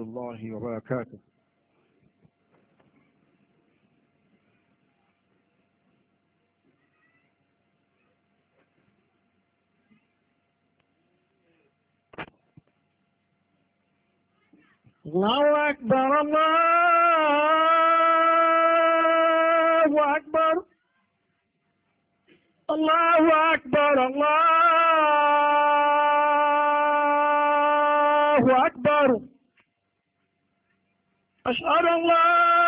rahmatullahi wa barakatuh. Allahu Akbar, Allahu Akbar, Allahu Akbar, أشهد الله لا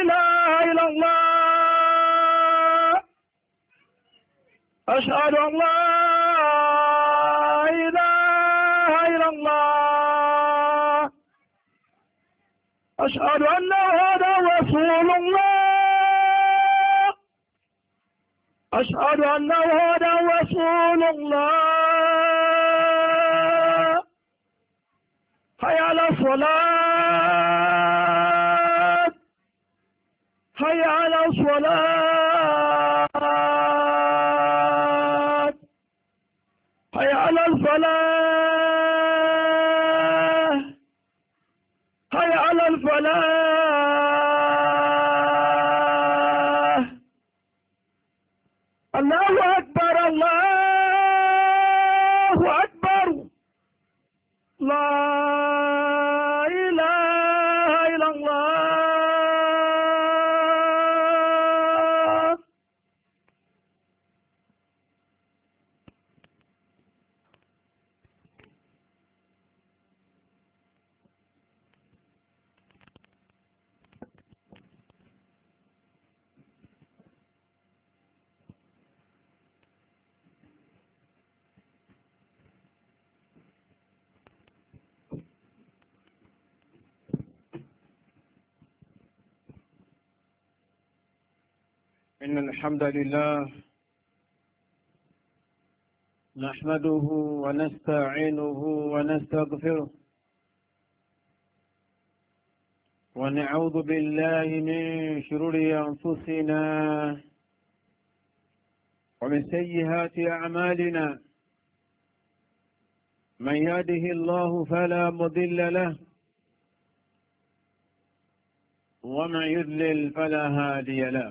إله إلا الله أشهد الله لا إله إلا الله أشهد أن هذا رسول الله أشهد أن هذا رسول الله حي على الصلاة إن الحمد لله نحمده ونستعينه ونستغفره ونعوذ بالله من شرور أنفسنا ومن سيئات أعمالنا من يهده الله فلا مضل له ومن يذلل فلا هادي له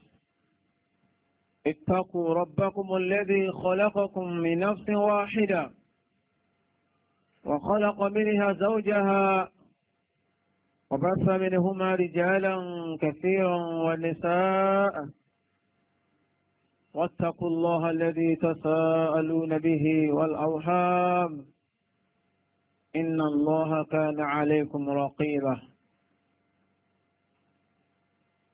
اتقوا ربكم الذي خلقكم من نفس واحدة وخلق منها زوجها وبث منهما رجالا كثيرا ونساء واتقوا الله الذي تساءلون به والأوهام إن الله كان عليكم رقيبا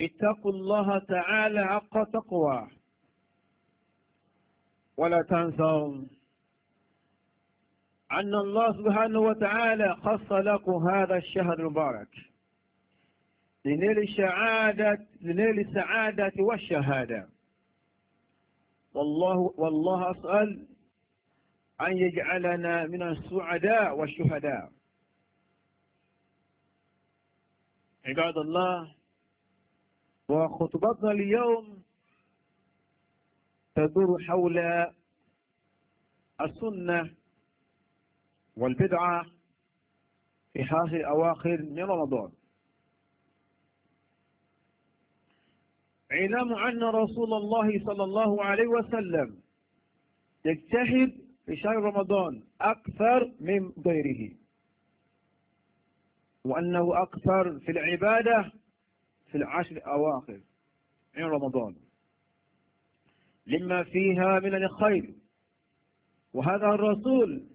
اتقوا الله تعالى حق تقوى ولا تنسوا أن الله سبحانه وتعالى خص لكم هذا الشهر المبارك لنيل السعادة لنيل السعادة والشهادة والله والله أسأل أن يجعلنا من السعداء والشهداء عباد الله وخطبتنا اليوم تدور حول السنة والبدعة في هذه الأواخر من رمضان علم أن رسول الله صلى الله عليه وسلم يجتهد في شهر رمضان أكثر من غيره وأنه أكثر في العبادة في العشر أواخر من رمضان لما فيها من الخير وهذا الرسول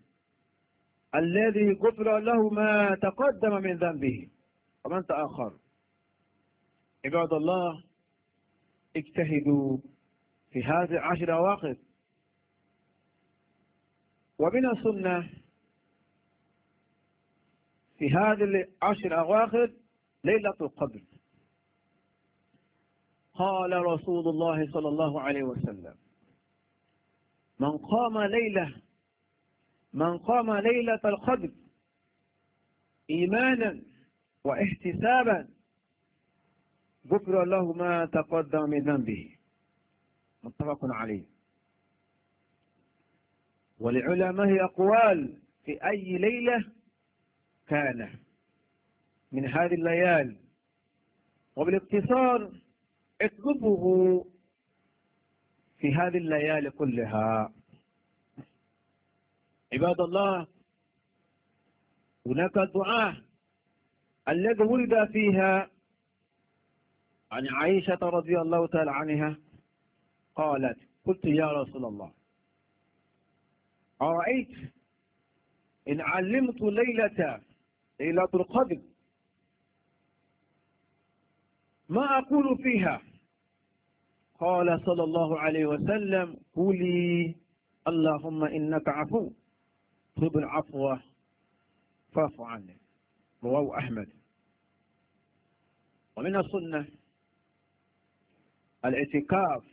الذي كفر له ما تقدم من ذنبه ومن تأخر عباد الله اجتهدوا في هذه العشر أواخر ومن السنة في هذه العشر أواخر ليلة القدر قال رسول الله صلى الله عليه وسلم من قام ليلة من قام ليلة القدر إيمانا واحتسابا غفر له ما تقدم من ذنبه متفق عليه ولعلماء أقوال في أي ليلة كان من هذه الليالي وبالاقتصار اطلبه في هذه الليالي كلها عباد الله هناك دعاء الذي ولد فيها عن عائشة رضي الله تعالى عنها قالت قلت يا رسول الله أرأيت إن علمت ليلة ليلة القدر ما أقول فيها قال صلى الله عليه وسلم قولي اللهم إنك عفو تحب العفو فاعف عني رواه أحمد ومن السنة الاعتكاف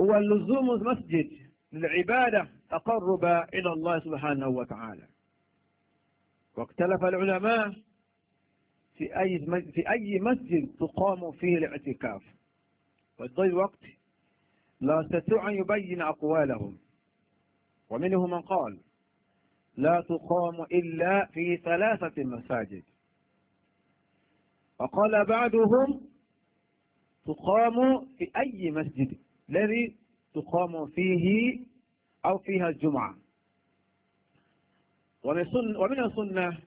هو اللزوم المسجد للعبادة تقرب إلى الله سبحانه وتعالى واختلف العلماء في أي في أي مسجد تقام فيه الاعتكاف وتضيع الوقت لا تستطيع أن يبين أقوالهم ومنهم من قال لا تقام إلا في ثلاثة مساجد وقال بعضهم تقام في أي مسجد الذي تقام فيه أو فيها الجمعة ومن السنة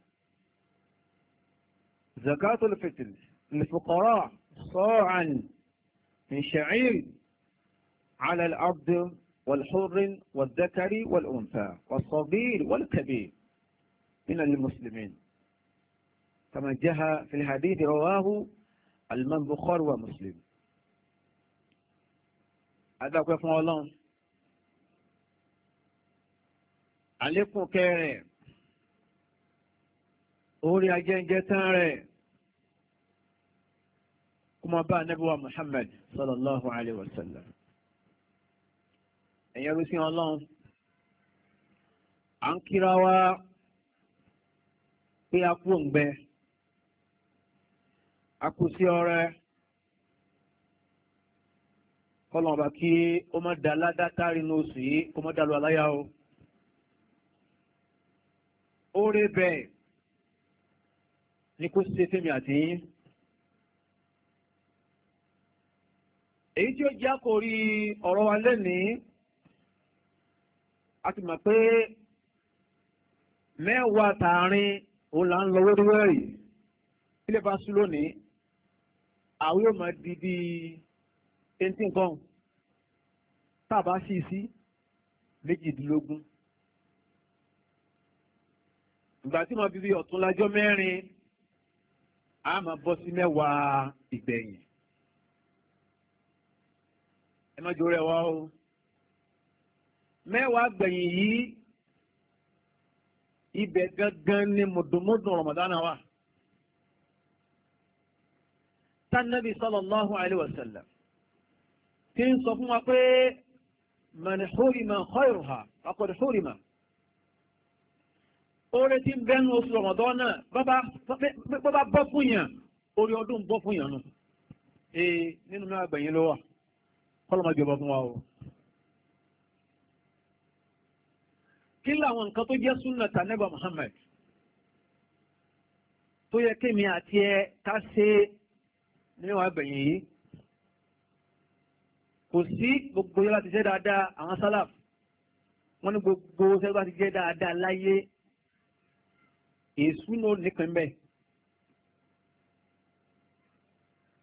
زكاة الفطر للفقراء صاعا من شعير على الأرض والحر والذكر والأنثى والصغير والكبير من المسلمين كما جاء في الحديث رواه المنبخار ومسلم هذا هو ọlọ́run الله عليكم orí أولي أجنجتان rẹ̀ kó máa bá ànábì wa Muhammad sallallahu alayhi wa sallam ẹ̀yẹ́ rú sí ọlọ́run à ń kíra wá pé a kú òǹgbẹ a kú sí ọrẹ kọlọ̀ ọba kí ó má da ládátárì ní oṣù yìí kó má da lu aláyà o. ó rí bẹ́ẹ̀ ni kó ṣe fẹ́mi àti yín. èyí tí ó jẹ́ àkórí ọ̀rọ̀ wa lẹ́nìí a ti mọ̀ pé mẹ́wàá tààrin òun là ń lọ wẹ́rúwẹ́rì ilé bá sùn lónìí àwọn yóò máa di bíi eighteen kan tá a bá sì sí méjìdínlógún ìgbà tí mo bí bíi ọ̀tún lájọ́ mẹ́rin a máa bọ́ sí mẹ́wàá ìgbẹ̀yìn ẹ má jòrò ẹ wá o mẹ́wàá gbẹ̀yìn yìí ibẹ̀ gangan ni mùdùmùdùn Ramadan wa tanabi sallallahu alayhi wa sallam tí ń sọ fún wa pé man hurima khayruha faqad hurima oore tí ń bẹ́nu oṣù Ramadan náà bọ́bá bọ́ fún yàn orí ọdún bọ́ fún yàn nù nínú mẹ́wàá gbẹ̀yìn ló kọ́lọ́mà jọba fún wa o kí làwọn nǹkan tó jẹ́ súnà tànẹ́bà Muhammad tó yẹ kémi àti ẹ ká ṣe nínú àgbẹ̀yìn yìí kò sí gbogbo yẹn láti jẹ́ dáadáa àwọn sálàf wọ́n ní gbogbo sẹ́gbà ti jẹ́ dáadáa láyé èsú náà nípìn bẹ́ẹ̀.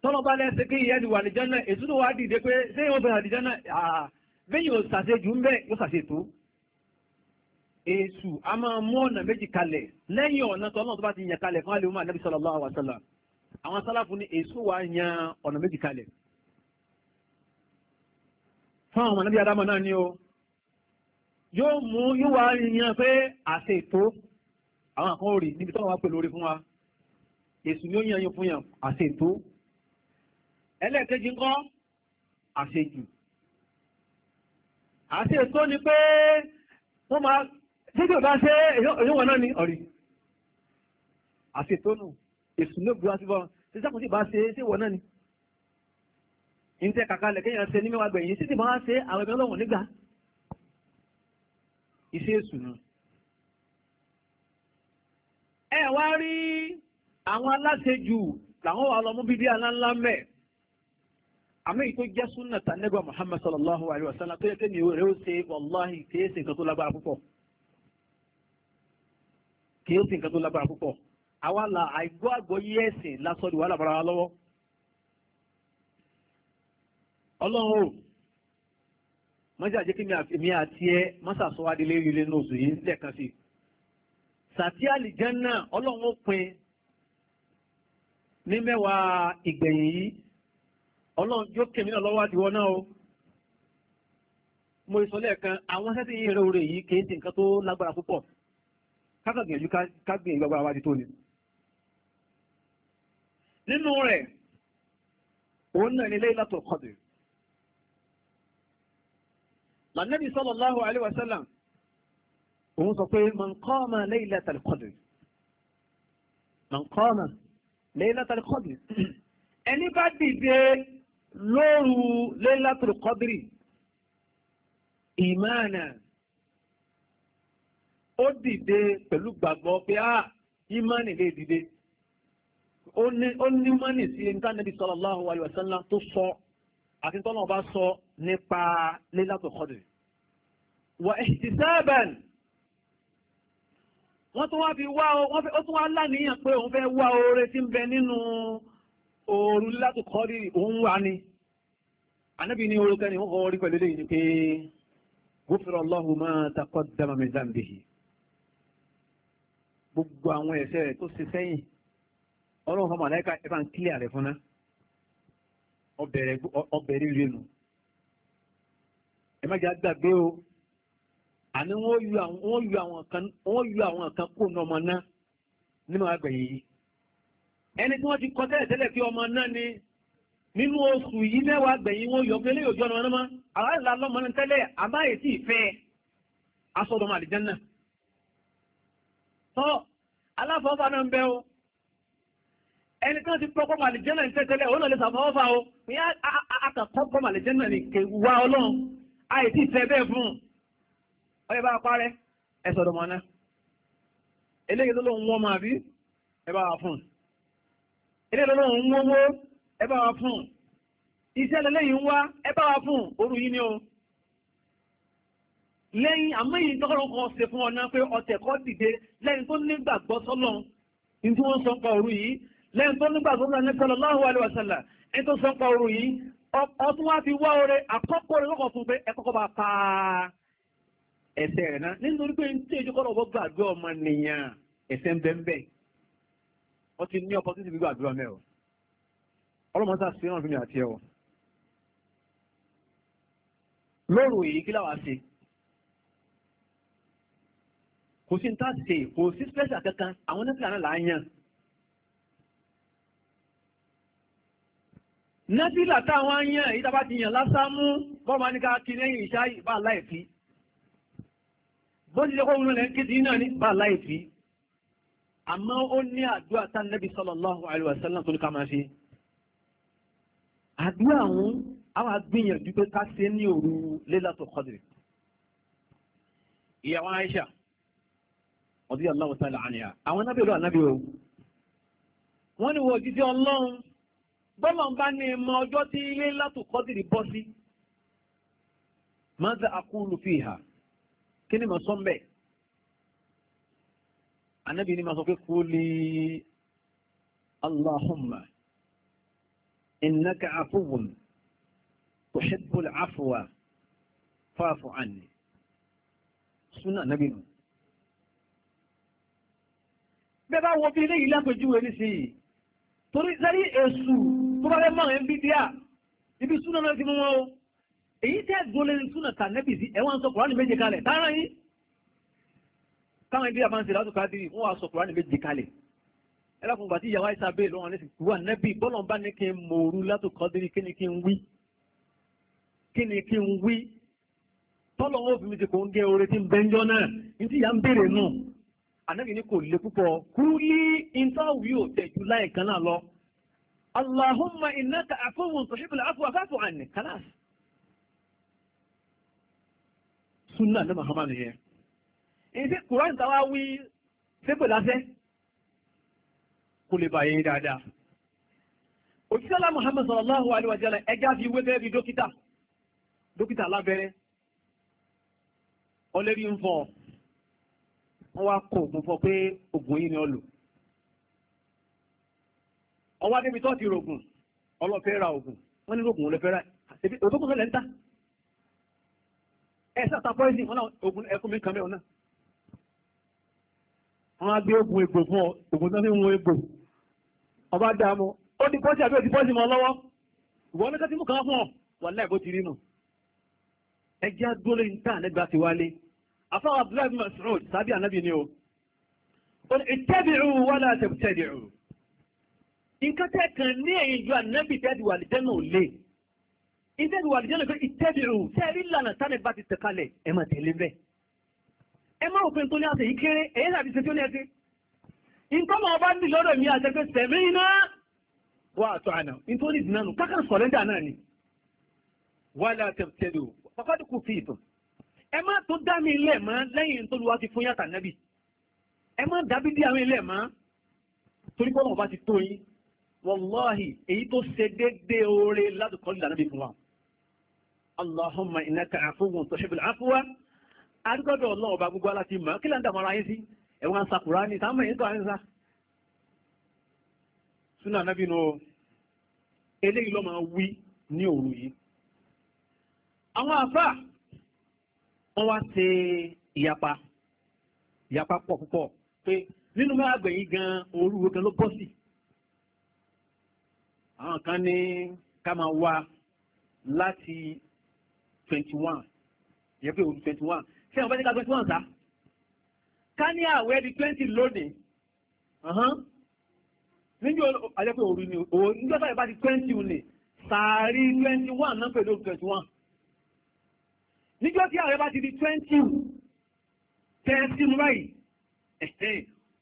tọ́lọ́bá lẹ́sẹ̀ kí ìyẹn wà ní jẹ́nà ètùtù wà dìde pé sẹ́yìn ó bẹ̀rẹ̀ àdìjẹ́nà bẹ́yìn ò sàṣejù ń bẹ́ ó sàṣètò èṣù a máa mú ọ̀nà méjì kalẹ̀ lẹ́yìn ọ̀nà tọ́lọ́ tó bá ti yàn kalẹ̀ fún alẹ́ umar nabi sallallahu alaihi wasallam àwọn sálàfù ni èṣù wa yan ọ̀nà méjì kalẹ̀ fún àwọn nabi adama náà ni o yóò mú yóò wá yan pé àṣètò àwọn kan ò níbi tọ́lọ́ wa pè lórí fún wa èṣù ni ó yan yan fún yàn àṣètò ẹlẹ́ẹ̀kejì ńkọ́ àṣejù àti ètò ni pé wọ́n máa títí ò bá ṣe èyíwọ̀n náà ní ọ̀rí àti ètò nù èsù ló gbúra síbọ̀ tí sákùn sí bá ṣe sí ìwọ̀n náà ni ìtẹ́ kàkalẹ̀ kéèyàn ṣe ní mẹ́wàá gbẹ̀yìn títí máa ṣe àwọn ẹgbẹ́ ọlọ́wọ̀n nígbà iṣẹ́ èsù nù. ẹ wá rí àwọn aláṣejù làwọn wà lọ mú bíbí aláńlá mẹ́ẹ̀. àmọ́ èyí Jesu jẹ́ súnà tànẹ́gbà Muhammad sallallahu alayhi wa sallam tó yẹ kí mi rẹ̀ ó ṣe wàláhì kìí ṣe nǹkan tó lágbára púpọ̀ kìí ṣe nǹkan tó lágbára púpọ̀ àwa la àìgbọ́ àgbọ́ yí ẹ̀sìn lásán ìwà làbára wa lọ́wọ́ ọlọ́run ò kí ọlọ́run yóò kèmí náà lọ́wọ́ àdìwọ́ náà o mo sọ lẹ́ẹ̀kan àwọn sẹ́sì yìí rẹ̀ orí yìí kìí sí nǹkan tó lágbára púpọ̀ kákàgbìyànjú kágbìyànjú agbára wájú tó ni nínú rẹ̀ òun náà ni Laylatul Qadr mànẹ́bí sallallahu alaihi wasallam òun sọ pé man qama Laylatul Qadr man qama Laylatul Qadr ẹni bá dìde lóru lẹ́látòrò kọ́dírì ìmáànà ó dìde pẹ̀lú gbàgbọ́ pé á ah, ìmáànì lè dìde ó ní mọ́nì sí ẹnitánẹ́bí sallallahu alaihi wasallam tó sọ àti tọ́nà ọba sọ nípa lẹ́látòrò kọ́dírì wà ihtisaban wọ́n tún wá fi wá ó tún wá láníyàn pé òun fẹ́ wá oore tí ń bẹ nínú. oòrùn látò kọ́ rí òun wà ní anábì ní orúkọ ẹni wọ́n kọ́ rí pẹ̀lú lẹ́yìn ni pé gúfẹ́rọ̀ Allahu ma taqaddama min gbogbo àwọn ẹ̀ṣẹ̀ rẹ̀ tó ṣe sẹ́yìn ọlọ́run fọmọ àlẹ́ka ẹ̀fà ń kílẹ̀ rẹ̀ fúnná ọbẹ̀ rí ẹ má jẹ́ àgbàgbé o àní wọ́n yọ àwọn kan kó nọmọ náà nínú àgbẹ̀yìn ẹni tí wọ́n ti kọ́ tẹ́lẹ̀ tẹ́lẹ̀ kí ọmọ náà ni nínú oṣù yìí mẹ́wàá gbẹ̀yìn wọn yọ pé léyò jọ́nà wọn mọ́ aláìlá lọ́mọ náà tẹ́lẹ̀ àbáyé tí ìfẹ́ asọ́dọ̀mọ àlìjánà tọ́ aláfọ́fà náà ń bẹ́ o ẹni tí wọ́n ti pọ́kọ́ màlìjánà ń tẹ́tẹ́lẹ̀ òun náà lè sàfọ́fà o pé akàkọ́kọ́ màlìjánà ni kẹwàá ọlọ́run àyè tí ìfẹ́ bẹ́ẹ̀ fún un ọyẹ bá parẹ́ ẹ sọ̀dọ̀mọ náà eléyìí tó lóun wọ́n máa bí ẹ bá wà fún un eré lọ́nà ń wọ́wọ́ ẹ bá wa fún iṣẹ́ lẹ́lẹ́yìn ń wá ẹ bá wa fún òru yìí ni o lẹ́yìn àmọ́yìn tọ́kọ́rọ́ kan ṣe fún ọ̀nà pé ọ̀tẹ̀ kọ́ dìde lẹ́yìn tó nígbàgbọ́ sọ́lọ́ ní tí wọ́n sọ pa òru yìí lẹ́yìn tó nígbàgbọ́ sọ́lọ́ sallallahu alaihi wasallam ẹni tó sọ pa òru yìí ọtún wá fi wá oore àkọ́kọ́ rẹ̀ lọ́kọ̀ fún pé ẹ kọ́kọ́ bá pa ẹsẹ̀ rẹ̀ náà nítorí pé ní tí èjì kọ́rọ̀ wọ́n ti ní opportunity gbígbà àdúrà mẹ́ o ọlọ́mọ sá sí ìrànlọ́mí àti ẹ̀ o lóru èyí kí láwàá ṣe kò sí nta ṣe kò sí special kankan àwọn nẹ́fìlà náà là á yàn nẹ́fìlà táwọn á yàn èyí tá bá ti yàn lásámú bọ́ọ̀mù aníkà kí lẹ́yìn ìṣáì bá láì fi bó ti jẹ́ kó wúlò lẹ́yìn kí ti náà ní bá láì fi àmọ́ ó ní àdúrà tá nẹ́bí sallallahu alaihi wasallam tó ní ká máa ṣe àdúrà àwọn àwọn agbìyànjú pé ká ṣe ní òru Lailatul Qadr ìyàwó Aisha radiyallahu ta'ala anha àwọn nábì lọ ànábì o wọ́n ní wọ́n jíjẹ́ ọlọ́run bọ́lọ̀n bá ní ìmọ̀ ọjọ́ tí Lailatul Qadr bọ́ sí madha aqulu fiha kí ni mo sọ mbẹ́ẹ̀ anábì ní ma sọ pé kúlì allahumma innaka afuwun tuhibbul afwa fa'fu anni súnà anábì nù. bẹ́ẹ̀ bá wọ bí ilé yìí lápẹjúwe nísìnyí torí sẹ́rí èṣù tó bá fẹ́ mọ̀ ẹ́ ń bí díà ibi súnà náà ti mú wọn o èyí tẹ́ gbọ́lẹ̀ súnà tà nẹ́bì sí ẹ̀wọ̀n sọ kùránì méje kalẹ̀ tààrà yín táwọn ndị àbáǹsẹ̀ láti ká bíi wọ́n sọ kùránì méjì kalẹ̀ ẹ tí ìyàwó àìsàn bẹ́ẹ̀ lọ́wọ́ nísìn wà nẹ́bí bọ́lọ̀ bá ní kí n mòrú látò kọ́dírí kí ni kí n wí kí ni kí n wí tọ́lọ̀ wọn ò mi ti kò ń gé oore tí ń náà ní ti ìyá ń ànábì kò púpọ̀ kú lọ Allahumma inaka sunna ní yẹn. ìdí kùránì táwa wí sépè lásẹ́ kò lè bàyẹ̀ dáadáa òṣìṣẹ́lá Muhammad sallallahu alaihi wa sallam ẹja fi wé gẹ́gẹ́ bí dókítà dókítà lábẹ́rẹ́ ọlẹ́rí ń fọ wọ́n wá fọ pé ògùn yìí ni ọ lò ọwọ́ adébi tó ti rògùn ọlọ́fẹ́ ra wọ́n ní ra ẹ̀ wọn náà ògùn ẹ̀kún mi kàn wọ́n á gbé ogun egbò fún ọ ogun tó fi ń wo egbò ọba dààmú ó di pọ́sì àbí òdi pọ́sì mọ́ lọ́wọ́ ìwọ ní kẹ́tí mú kan fún ọ wà láì bó ti rí nù. ẹ jẹ́ agbólé ń tà nígbà tí wálé afáwọn abdullahi bin Mas'ud sábì ànábì ni o ó ní ittabi'u wala tabtadi'u nǹkan tẹ́ kan ní ẹ̀yìn ju ànábì tẹ́ẹ̀dì wà lìjẹ́ náà lé ìtẹ́ẹ̀dì wà lìjẹ́ náà pé ittabi'u tẹ́ẹ̀rí lànà tánibà ti tẹ̀kalẹ̀ ẹ̀ máa tẹ̀lé bẹ́ẹ̀ ẹ má òfin tó ní àṣẹ yìí kéré èyí tàbí ṣe tó ní ẹsẹ nǹkan máa bá dì lọ́dọ̀ mi àṣẹ pé sẹ̀mí iná wà àtọ̀ àná nítorí ìdìnnà nù kákàn sọ̀rẹ́ndà náà ni wà látẹ̀tẹ̀dù pàpàdé kò fi ìtàn ẹ má tó dá mi ilẹ̀ mọ́ lẹ́yìn tó luwa ti fún yàtà nábì ẹ má dábí dí àwọn ilẹ̀ mọ́ torí pé ọmọ ti tó yín wàláhì èyí tó ṣe déédéé oore ládùúkọ́ nílànà bí fún wa. Allahumma innaka afuwun tuhibbul afwa adúgbọ́dọ̀ ọlọ́run ọba gbogbo aláti mọ̀ kí lẹ́ńdà mọ́ra yín sí ẹ̀wọ̀n asakura ni táwọn èyí tó à ń sá. súnà anábì nù eléyìí ló máa wí ní òru yìí. àwọn àfà wọn wá ṣe ìyapa ìyapa pọ̀ púpọ̀ pé nínú máa gbẹ̀yìn gan òru gan ló bọ́ sí. àwọn kan ní ká máa wá láti twenty one yẹ pé òru twenty one ṣé ọ̀bẹ́ ní ká twenty one sá ká ní àwẹ̀ di twenty lónìí níjọ́ àjẹpẹ́ òru ni òru níjọ́ sáyẹ̀ bá di twenty ni sàárì twenty one náà pẹ̀lú twenty one níjọ́ tí àwẹ̀ bá ti di twenty tẹ́ẹ̀sì mú báyìí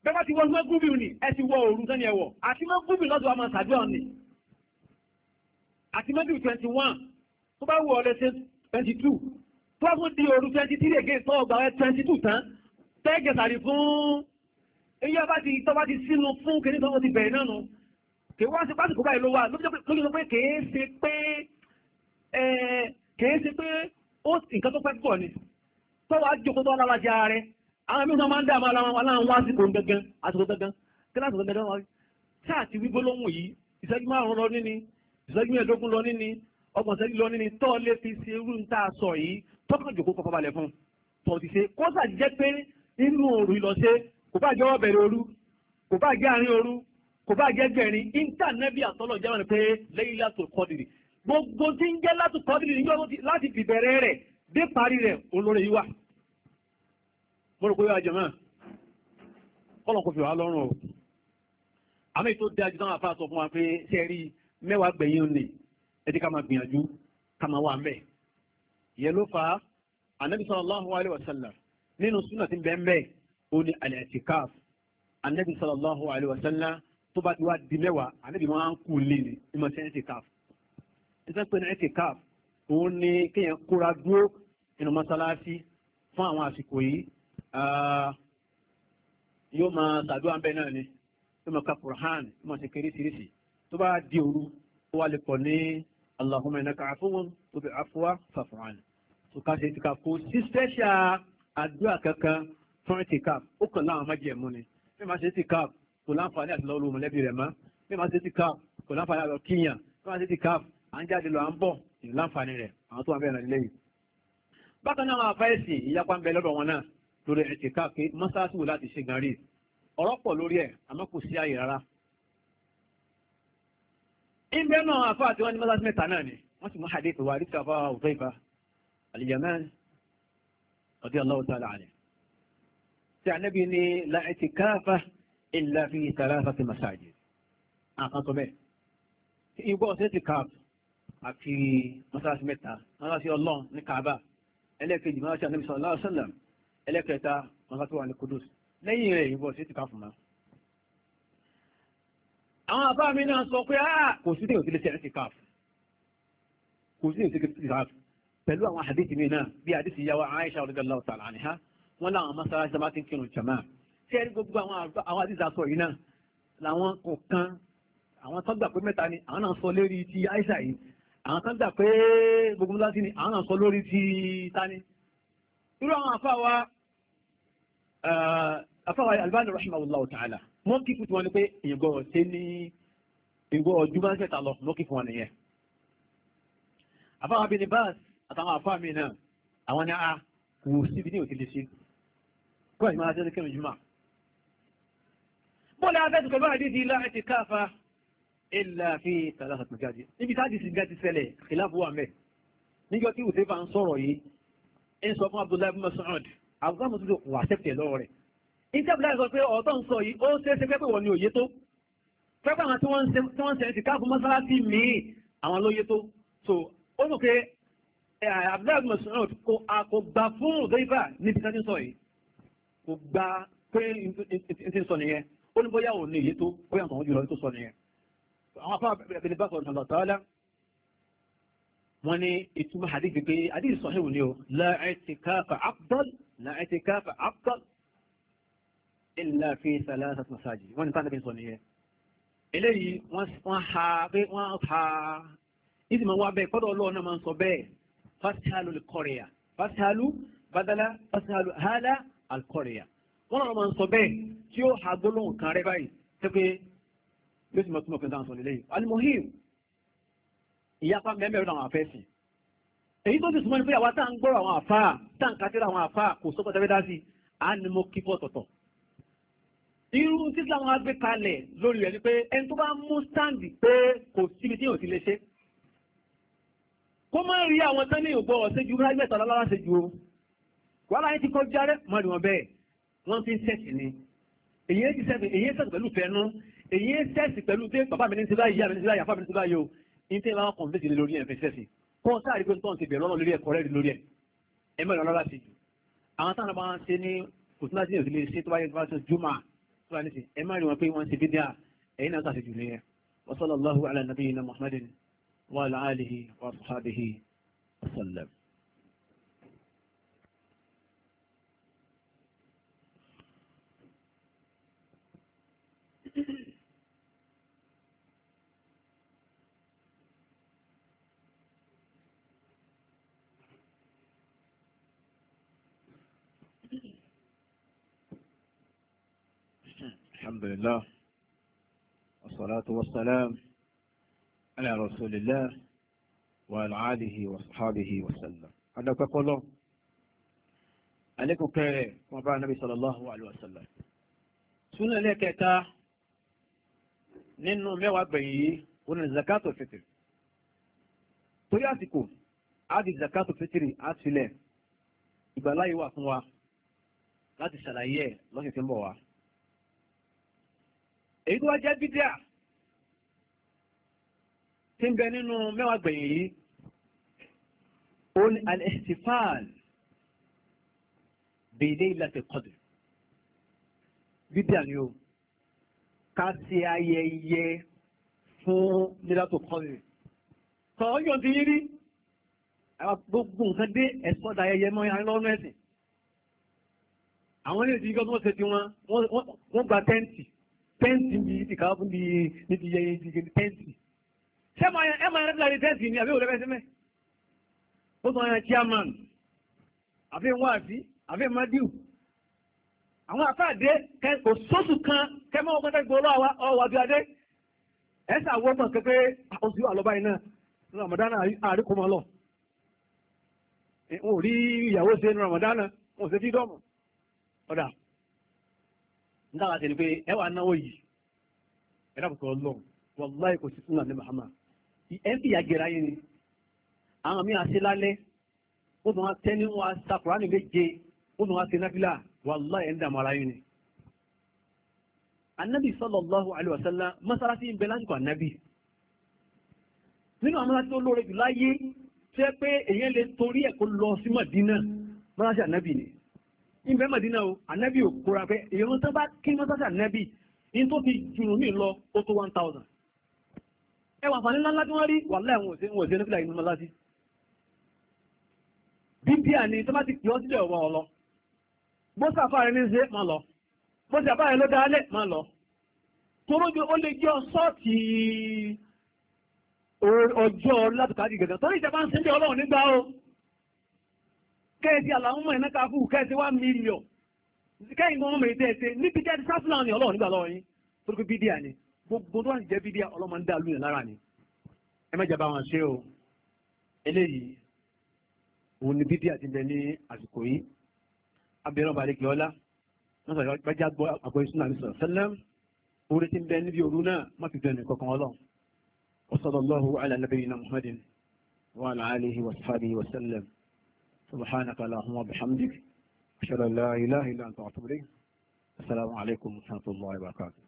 bẹ́ẹ̀ bá ti wọ́n mọ́ gúbì ni ẹ ti wọ òru sẹ́ni ẹ̀wọ̀ àti mọ́ gúbì lọ́dọ̀ àmọ́ sàdúrà ni àti mọ́ gúbì twenty one tó bá wù ọ́ lẹ́sẹ̀ twenty two tó fún di òru twenty three again tó ọgbà ẹ twenty two tán tẹ́gẹ̀sàrí fún eyín ọba ti tọ́ba ti sínú fún kìnìún tó wọ́n ti bẹ̀rẹ̀ náà nù kì í wá sí pásìkò báyìí ló wà lójú sọ pé kì í ṣe pé kì í ṣe pé ó nǹkan tó pẹ́ pọ̀ ni tọ́wọ́ àjòkó tó alára jẹ ààrẹ àwọn ẹbí wọn máa ń dá àmọ́ aláwọn aláwọn wá sí kòun gangan àsìkò gangan kíláàsì gangan wọn ṣáà ti wí gbólóhùn yìí ìṣẹ́jú márùn-ún lọ níní ìṣẹ́jú mẹ́ẹ̀ẹ́dógún lọ níní ọgbọ̀n ìṣẹ́jú lọ níní tọ́ọ̀ lé fi ṣe irú ń tà sọ yìí tọ́kàn jòkó kọ́ fọbalẹ̀ fún tọ́ ti ṣe kọ́sà jẹ́ pé inú òru lọ ṣe kò bá jẹ́ ọ̀bẹ̀rẹ̀ òru kò bá jẹ́ àárín òru kò bá jẹ́ gbẹ̀rin intanẹ́bí àtọ́lọ̀ jẹ́ wọn pé Laylatul Qadr gbogbo tí ń jẹ́ Laylatul Qadr níjọ́ láti bìbẹ̀rẹ̀ rẹ̀ dé parí rẹ̀ olórí yìí wà. mo rò pé wàá jẹ̀mọ́ kọ́lọ̀ kò fi wàá lọ́rùn o àmì tó dé ajú táwọn afáàsọ fún wa pé ṣe rí mẹ́wàá gbẹ̀yìn òní ẹ jẹ́ ká máa gbìyànjú ká máa wà mẹ́ẹ̀ yẹn ló fa anabi sallallahu alayhi wa sallam nínú súnà tí bẹ́ẹ̀ bẹ́ẹ̀ ó ní al-i'tikaf anabi sallallahu alayhi wa sallam tó bá ti wá di mẹ́wàá anabi máa ń kú lé ní ìmọ̀ sí i'tikaf ìṣe pé ní i'tikaf òun ni kéèyàn kóra dúró nínú mọ́sálásí fún àwọn àsìkò yìí yóò máa ṣàdúrà ń náà ni yóò máa ka Qur'an yóò máa ṣe kéréṣiríṣi tó bá di òru ó wà lè pọ̀ ní Allahumma innaka afuwwun tuhibbu al-'afwa fa'fu òkà ṣe ti kàfó sí sẹ́ṣà àdúrà kankan fún ti kàf ó kàn láwọn májẹ̀mú ni bí màá ṣe ti kàf kò láǹfààní àti lọ́ọ́ lómọlẹ́bí rẹ̀ mọ́ bí màá ṣe ti kàf kò láǹfààní àlọ́ kíyàn bí màá ṣe ti kàf à ń jáde lọ à ń bọ̀ ìlú láǹfààní rẹ̀ àwọn tó wà bẹ́ẹ̀ lọ́dún lẹ́yìn. bákan náà àwọn afáìsì ìyapa ń bẹ lọ́dọ̀ wọn náà lórí ẹ̀ ti kàf pé mọ́sáàsì wò láti ṣe gan rí ọ̀rọ̀ pọ̀ lórí ẹ̀ àmọ́ kò sí àyè rárá. ìbẹ́ náà àfáà tí wọ́n ní mọ́sáàsì mẹ́ta náà ni wọ́n sì mú hadith wa àdìsí àfáà òfẹ́ ìfà al-Yaman radiyallahu ta'ala anhu tí ànábì ní la i'tikafa illa fi thalathati masajid àkàtọ̀ bẹ́ẹ̀ tí igbó ọ̀sẹ̀ ti káàf àfi mọ́sáàsì mẹ́ta mọ́sáàsì ọlọ́run ní kaaba ẹlẹ́ẹ̀kejì mọ́sáàsì ànábì sallallahu alaihi wasallam ẹlẹ́ẹ̀kẹta mọ́sáàsì wà ní Kudus lẹ́yìn rẹ̀ igbó ọ̀sẹ̀ ti káàf mọ́ àwọn àbá mi náà sọ pé ah, kò sí tí ò pẹ̀lú àwọn àdìsí mi náà bí àdìsí yàwó Aisha radiyallahu ta'ala anha wọ́n láwọn mọ́sálásí tó máa ti ń kírun jàmá ṣé ẹni gbogbo àwọn àdìsí àsọ yìí náà làwọn kò kan àwọn tó gbà pé mẹ́ta ni àwọn náà sọ lérí ti Aisha yìí àwọn tó gbà pé gbogbo mọ́sálásí ni àwọn náà sọ lórí ti tani irú àwọn àfáwa àfáwa Albani rahimahullahu ta'ala wọ́n kí fún tiwọn ni pé ìgbọ̀ ṣe ní ìgbọ̀ ọdún bá ń ṣẹ̀ta lọ wọ́n kí wọn nìyẹn àfáwa bin Baz àtàwọn àfáà mi náà àwọn ah, ní a wò síbi ní òtìlẹ̀ sí kọ́ ìmọ̀ àti ẹ̀kẹ́ ìjùmọ̀ bọ́ọ̀lù abẹ́tù pẹ̀lú àdídì láti káfa ilà fi tàlàsà tó jáde níbi táàdì sí gáàdì ṣẹlẹ̀ ìlàbù wà mẹ́ níjọ́ tí òtẹ́fà ń sọ̀rọ̀ yìí ń sọ fún Abdullahi bin Mas'ud Abdullahi bin Mas'ud wà sẹ́pẹ̀ lọ́wọ́ rẹ̀ ìjẹ́ Abdullahi sọ pé ọ̀tọ̀ ń sọ yìí ó ṣeé ṣe pé wọ́n ní òye tó pẹ́pẹ́ àwọn tí wọ́n ń ṣe ti mọ́sálásí míì àwọn lóye tó so ó mọ̀ pé Eh, abdul masoud kò kò gbà fún òdòyìnbá níbi tá a ti sọ yìí kò gbà pé n ti sọ nìyẹn ó ní bóyá òun ní èyí tó bóyá àwọn jùlọ tó sọ nìyẹn àwọn afọ abẹnibá sọ ọ̀nà lọ́tọ́ọ́lá wọn ní ìtumọ̀ hadith pé hadith sọ ẹ̀wù ni o la i'tikafa afdal la i'tikafa afdal illa fi thalathati masajid wọn ní tá a sọ nìyẹn eléyìí wọ́n ha pé wọ́n ha ìdìmọ̀ wa bẹ́ẹ̀ kọ́dọ̀ ọlọ́ọ̀ náà máa ń sọ bẹ́ẹ̀ fasihalu kọ́ríà fasihalu badala fasihalu hala alkọ́ríà wọ́n náà máa ń sọ bẹ́ẹ̀ tí ó ha gbólóhùn kan rẹ báyìí tẹ́pẹ́ yóò sì máa túmọ̀ pé dáhùn sọ nílé yìí alimohim ìyapa mẹ́mẹ́rẹ́ náà àwọn afẹ́sìn èyí tó sì súnmọ́ ní pé àwa tá à ń gbọ́rọ̀ àwọn àfa tá à ń kásẹ́rọ̀ àwọn àfa kò sọ́kọ̀ tẹ́fẹ́ dá sí i à ń mọ títí àwọn agbé kalẹ̀ lórí rẹ̀ ni pé ẹni tó bá mú sáǹdì pé kò síbi tí yóò ti lè ṣe kó máa rí àwọn tán ní ìgbọ́ ọ̀sẹ́jú lágbẹ̀ta lálára ṣe ju o wàhálà yẹn ti kọjá rẹ̀ máa rí wọn bẹ́ẹ̀ wọ́n ti ń sẹ́ẹ̀sì ni èyí ń sẹ́ẹ̀sì èyí ń sẹ́ẹ̀sì pẹ̀lú fẹ́nu èyí ń sẹ́ẹ̀sì pẹ̀lú pé bàbá mi ní ti báyìí àmì ní ti báyìí àfáà mi ní ti báyìí o ní tẹ́ máa kàn fèsì lórí ẹ̀fẹ́ sẹ́ẹ̀sì kó wọn sáà rí pé tó ń ti bẹ̀rẹ̀ lọ́nà lórí ẹ̀kọ́ rẹ̀ lórí ẹ̀ ẹ mẹ́rin ọlọ́lá sí ju àwọn táwọn bá ń ṣe ní kòtúndájú ìrìn lè ṣe tó bá yẹ tó bá ṣe jùmọ̀ tó bá ní sí ẹ má rí wọn pé wọ́n ń ṣe bídíà muhammadin وعلى آله وأصحابه وسلم الحمد لله والصلاة والسلام ala rasulillah wa ala alihi wa sahbihi wa sallam adakọkọlọ alekun kẹrẹ wọn bá anabi sallallahu alayhi wa sallam sunan lẹ́kẹta nínú mẹ́wàá gbẹ̀yìn yìí wọn ni zakato fitiri torí àsìkò àti zakato fitiri àtìlẹ̀ ìgbàláyé wà fún wa láti ṣàlàyé ẹ̀ lọ́sẹ̀ tí ń bọ̀ wá. èyí tó wá jẹ́ bídíà tí ń bẹ nínú mẹ́wàá gbẹ̀yìn yìí ó ní al-ihtifal bi Laylatul Qadr bídíà ni o ká ṣe ayẹyẹ fún Laylatul Qadr tọ́ ọ́ yọ̀ ti yín rí gbogbo nǹkan dé ẹ̀sọ́ da ayẹyẹ mọ́ yàrá lọ́nà ẹ̀sìn àwọn ilé ìdíjọ́ tí wọ́n ṣe ti wọn wọ́n gba tẹ́ǹtì tẹ́ǹtì bíi ti káwọn fún bíi níbi yẹyẹ ìdíje tẹ́ǹtì ṣé ma ẹ máa rẹ́pìlà rí tẹ́sì ni àbí òun lẹ́fẹ́ símẹ́ ó tún ọyàn chairman àfi ń wá àti àfi ń mádìú kò sóṣù kan ọgbọ́n kẹ́kẹ́ Ramadan lọ ò rí ìyàwó ṣe ní Ramadan ò ṣe fi dọ́ọ̀mù ọ̀dà pé náwó yìí ẹ ń fìyà jẹra yín ni àwọn míì àṣẹ lálẹ́ ó tún wá tẹ́ni wọn aṣàkùránì méje ó tún wá ṣe náfìlà wàláhì ẹ̀ ń dààmú ara yín ni. anabi sallallahu alayhi wa sallam masalasi ń bẹ lásìkò anabi nínú àwọn masalasi tó lóore jù láyé tó yẹ pé èèyàn lè torí ẹ̀ kó lọ sí Madina masalasi anabi ni ìbẹ́ Madina o anabi ò kóra pé èèyàn tó bá kí masalasi anabi ní tó fi jùlọ mí lọ ó tó one thousand ẹwà àǹfààní ńláńlá tí wọ́n rí wà láìwọ̀n òsè wọn òsè onífìlà inú mọ́lá sí bíbíà ni tó bá ti kì ọ́ sílẹ̀ ọ̀rọ̀ ọ̀lọ́ bó sàfà rẹ ní ṣe máa lọ bó sàfà rẹ ló dálẹ̀ máa lọ torójú ó lè jẹ́ sọ́ọ̀tì ọjọ́ látùkádì gẹ̀gẹ̀ torí ìjọba ń sẹ́jọ́ ọlọ́run nígbà o kẹ́ẹ̀sì àlàmúmọ̀ iná káfù kẹ́ẹ̀sì wá mílíọ̀ kẹ́yìn tó wọ́n mèrè tẹ́ẹ̀sì níbi jẹ́ sáfìlà ni ọlọ́run nígbà lọ́wọ́ yín torí pé bídíà ni gbogbo tó wà jẹ́ bíbí ọlọ́mọ ń dá lóyún lára ni ẹ má jàmbá wọn ṣe o eléyìí òun ni bíbí àti ilẹ̀ ní àsìkò yìí abẹ́rẹ́ ọba àdékè ọlá wọ́n sọ ìwájú gbọ́ àgbọ̀ ìsúná àmì sọ̀rọ̀ sẹ́lẹ̀m orí ti ń bẹ níbi òru náà má fi bẹ̀rẹ̀ kankan ọlọ́ wasallallahu ala nabiyina muhammadin wa ala wa sahbihi wa sallam subhanaka allahumma bihamdik ashhadu an ilaha illa anta wa rahmatullahi wa barakatuh